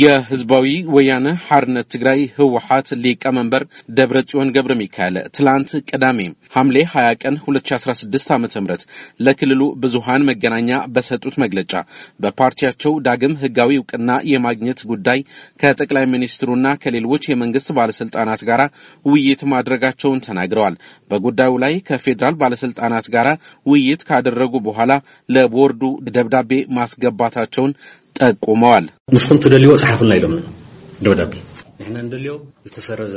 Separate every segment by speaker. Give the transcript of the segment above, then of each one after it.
Speaker 1: የህዝባዊ ወያነ ሐርነት ትግራይ ህወሓት ሊቀመንበር ደብረ ጽዮን ገብረ ሚካኤል ትላንት ቅዳሜ ሐምሌ 20 ቀን 2016 ዓ ም ለክልሉ ብዙሃን መገናኛ በሰጡት መግለጫ በፓርቲያቸው ዳግም ህጋዊ እውቅና የማግኘት ጉዳይ ከጠቅላይ ሚኒስትሩና ከሌሎች የመንግስት ባለስልጣናት ጋር ውይይት ማድረጋቸውን ተናግረዋል። በጉዳዩ ላይ ከፌዴራል ባለስልጣናት ጋር ውይይት ካደረጉ በኋላ ለቦርዱ ደብዳቤ ማስገባታቸውን ጠቁመዋል። ምስኹም ትደልይዎ ፀሓፉልና ኢሎም ደብዳቤ ንሕና ንደልዮ ዝተሰረዘ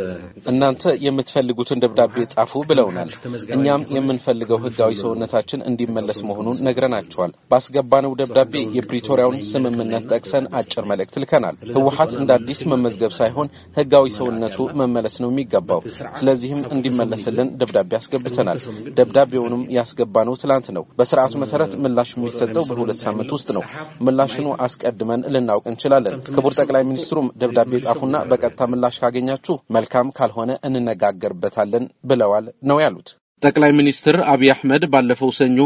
Speaker 1: እናንተ የምትፈልጉትን ደብዳቤ ጻፉ ብለውናል። እኛም የምንፈልገው ህጋዊ ሰውነታችን እንዲመለስ መሆኑን ነግረናቸዋል። ባስገባነው ደብዳቤ የፕሪቶሪያውን ስምምነት ጠቅሰን አጭር መልእክት ልከናል። ህወሀት እንደ አዲስ መመዝገብ ሳይሆን ህጋዊ ሰውነቱ መመለስ ነው የሚገባው። ስለዚህም እንዲመለስልን ደብዳቤ አስገብተናል። ደብዳቤውንም ያስገባነው ትላንት ነው። በስርዓቱ መሰረት ምላሽ የሚሰጠው በሁለት ሳምንት ውስጥ ነው። ምላሽኑ አስቀድመን ልናውቅ እንችላለን። ክቡር ጠቅላይ ሚኒስትሩም ደብዳቤ ጻፉና በቀ የበረታ ምላሽ ካገኛችሁ መልካም ካልሆነ እንነጋገርበታለን ብለዋል ነው ያሉት። ጠቅላይ ሚኒስትር አብይ አህመድ ባለፈው ሰኞ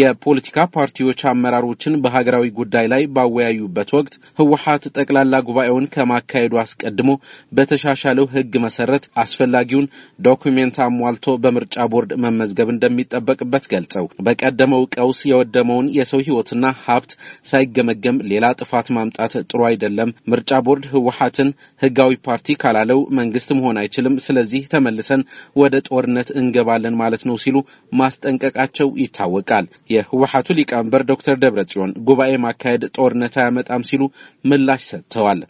Speaker 1: የፖለቲካ ፓርቲዎች አመራሮችን በሀገራዊ ጉዳይ ላይ ባወያዩበት ወቅት ህወሀት ጠቅላላ ጉባኤውን ከማካሄዱ አስቀድሞ በተሻሻለው ህግ መሰረት አስፈላጊውን ዶኩሜንት አሟልቶ በምርጫ ቦርድ መመዝገብ እንደሚጠበቅበት ገልጸው በቀደመው ቀውስ የወደመውን የሰው ህይወትና ሀብት ሳይገመገም ሌላ ጥፋት ማምጣት ጥሩ አይደለም። ምርጫ ቦርድ ህወሀትን ህጋዊ ፓርቲ ካላለው መንግስት መሆን አይችልም። ስለዚህ ተመልሰን ወደ ጦርነት እንገባለን ማለት ነው ሲሉ ማስጠንቀቃቸው ይታወቃል። የህወሀቱ ሊቀመንበር ዶክተር ደብረ ጽዮን ጉባኤ ማካሄድ ጦርነት አያመጣም ሲሉ ምላሽ ሰጥተዋል።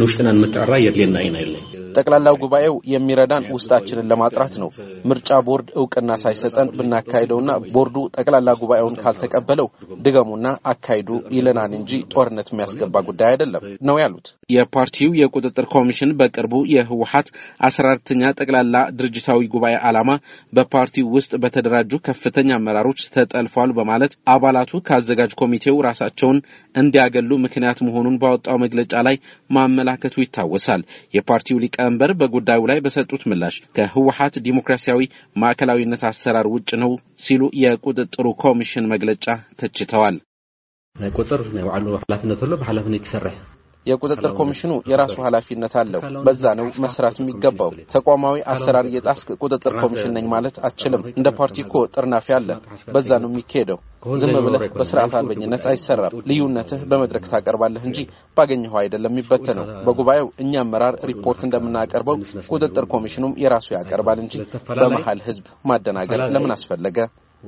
Speaker 1: ንውሽጥናን እንመጣራ የድሌና አይና የለኝ ጠቅላላው ጉባኤው የሚረዳን ውስጣችንን ለማጥራት ነው። ምርጫ ቦርድ እውቅና ሳይሰጠን ብናካሄደውና ቦርዱ ጠቅላላ ጉባኤውን ካልተቀበለው ድገሙና አካሂዱ ይለናል እንጂ ጦርነት የሚያስገባ ጉዳይ አይደለም ነው ያሉት። የፓርቲው የቁጥጥር ኮሚሽን በቅርቡ የህወሀት አስራ አራተኛ ጠቅላላ ድርጅታዊ ጉባኤ ዓላማ በፓርቲው ውስጥ በተደራጁ ከፍተኛ አመራሮች ተጠልፏል በማለት አባላቱ ከአዘጋጅ ኮሚቴው ራሳቸውን እንዲያገሉ ምክንያት መሆኑን ባወጣው መግለጫ ላይ ማመላከቱ ይታወሳል። የፓርቲው ሊቀመንበር በጉዳዩ ላይ በሰጡት ምላሽ ከህወሀት ዲሞክራሲያዊ ማዕከላዊነት አሰራር ውጭ ነው ሲሉ የቁጥጥሩ ኮሚሽን መግለጫ ተችተዋል። ናይ ቁጥር ናይ ባዕሉ ሓላፍነት ኣሎ ብሓላፍነት ይሰርሕ የቁጥጥር ኮሚሽኑ የራሱ ኃላፊነት አለው። በዛ ነው መስራት የሚገባው። ተቋማዊ አሰራር የጣስክ ቁጥጥር ኮሚሽን ነኝ ማለት አችልም። እንደ ፓርቲ እኮ ጥርናፊ አለ። በዛ ነው የሚካሄደው። ዝም ብለህ በስርዓት አልበኝነት አይሰራም። ልዩነትህ በመድረክ ታቀርባለህ እንጂ ባገኘኸው አይደለም የሚበተነው። በጉባኤው እኛ አመራር ሪፖርት እንደምናቀርበው ቁጥጥር ኮሚሽኑም የራሱ ያቀርባል እንጂ በመሀል ህዝብ ማደናገር ለምን አስፈለገ?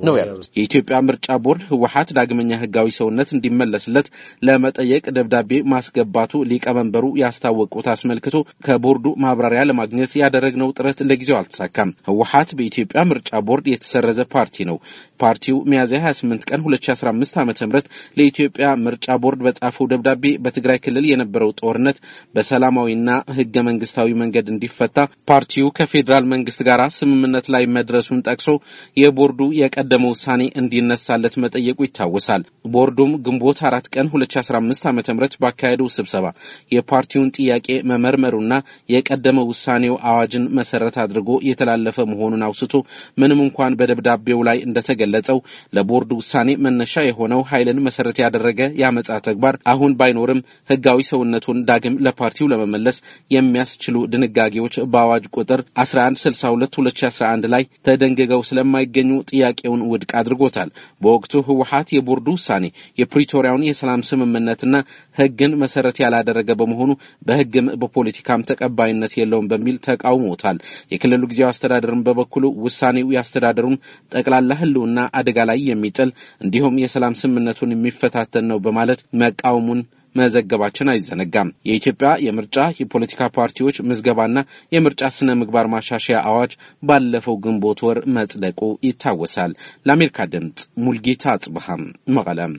Speaker 1: ነው ያሉት። የኢትዮጵያ ምርጫ ቦርድ ህወሀት ዳግመኛ ህጋዊ ሰውነት እንዲመለስለት ለመጠየቅ ደብዳቤ ማስገባቱ ሊቀመንበሩ ያስታወቁት አስመልክቶ ከቦርዱ ማብራሪያ ለማግኘት ያደረግነው ጥረት ለጊዜው አልተሳካም። ህወሀት በኢትዮጵያ ምርጫ ቦርድ የተሰረዘ ፓርቲ ነው። ፓርቲው ሚያዝያ 28 ቀን 2015 ዓ ም ለኢትዮጵያ ምርጫ ቦርድ በጻፈው ደብዳቤ በትግራይ ክልል የነበረው ጦርነት በሰላማዊና ህገ መንግስታዊ መንገድ እንዲፈታ ፓርቲው ከፌዴራል መንግስት ጋር ስምምነት ላይ መድረሱን ጠቅሶ የቦርዱ የቀ የቀደመ ውሳኔ እንዲነሳለት መጠየቁ ይታወሳል። ቦርዱም ግንቦት አራት ቀን 2015 ዓ ም ባካሄደው ስብሰባ የፓርቲውን ጥያቄ መመርመሩና የቀደመ ውሳኔው አዋጅን መሰረት አድርጎ የተላለፈ መሆኑን አውስቶ ምንም እንኳን በደብዳቤው ላይ እንደተገለጸው ለቦርዱ ውሳኔ መነሻ የሆነው ኃይልን መሰረት ያደረገ የአመጻ ተግባር አሁን ባይኖርም ህጋዊ ሰውነቱን ዳግም ለፓርቲው ለመመለስ የሚያስችሉ ድንጋጌዎች በአዋጅ ቁጥር 1162 2011 ላይ ተደንግገው ስለማይገኙ ጥያቄውን ሀሳቡን ውድቅ አድርጎታል። በወቅቱ ህወሀት የቦርዱ ውሳኔ የፕሪቶሪያውን የሰላም ስምምነትና ህግን መሰረት ያላደረገ በመሆኑ በህግም በፖለቲካም ተቀባይነት የለውም በሚል ተቃውሞታል። የክልሉ ጊዜያዊ አስተዳደርም በበኩሉ ውሳኔው የአስተዳደሩን ጠቅላላ ህልውና አደጋ ላይ የሚጥል እንዲሁም የሰላም ስምምነቱን የሚፈታተን ነው በማለት መቃወሙን መዘገባችን አይዘነጋም። የኢትዮጵያ የምርጫ የፖለቲካ ፓርቲዎች ምዝገባና የምርጫ ስነ ምግባር ማሻሻያ አዋጅ ባለፈው ግንቦት ወር መጽደቁ ይታወሳል። ለአሜሪካ ድምጽ ሙልጌታ አጽብሃም መቀለም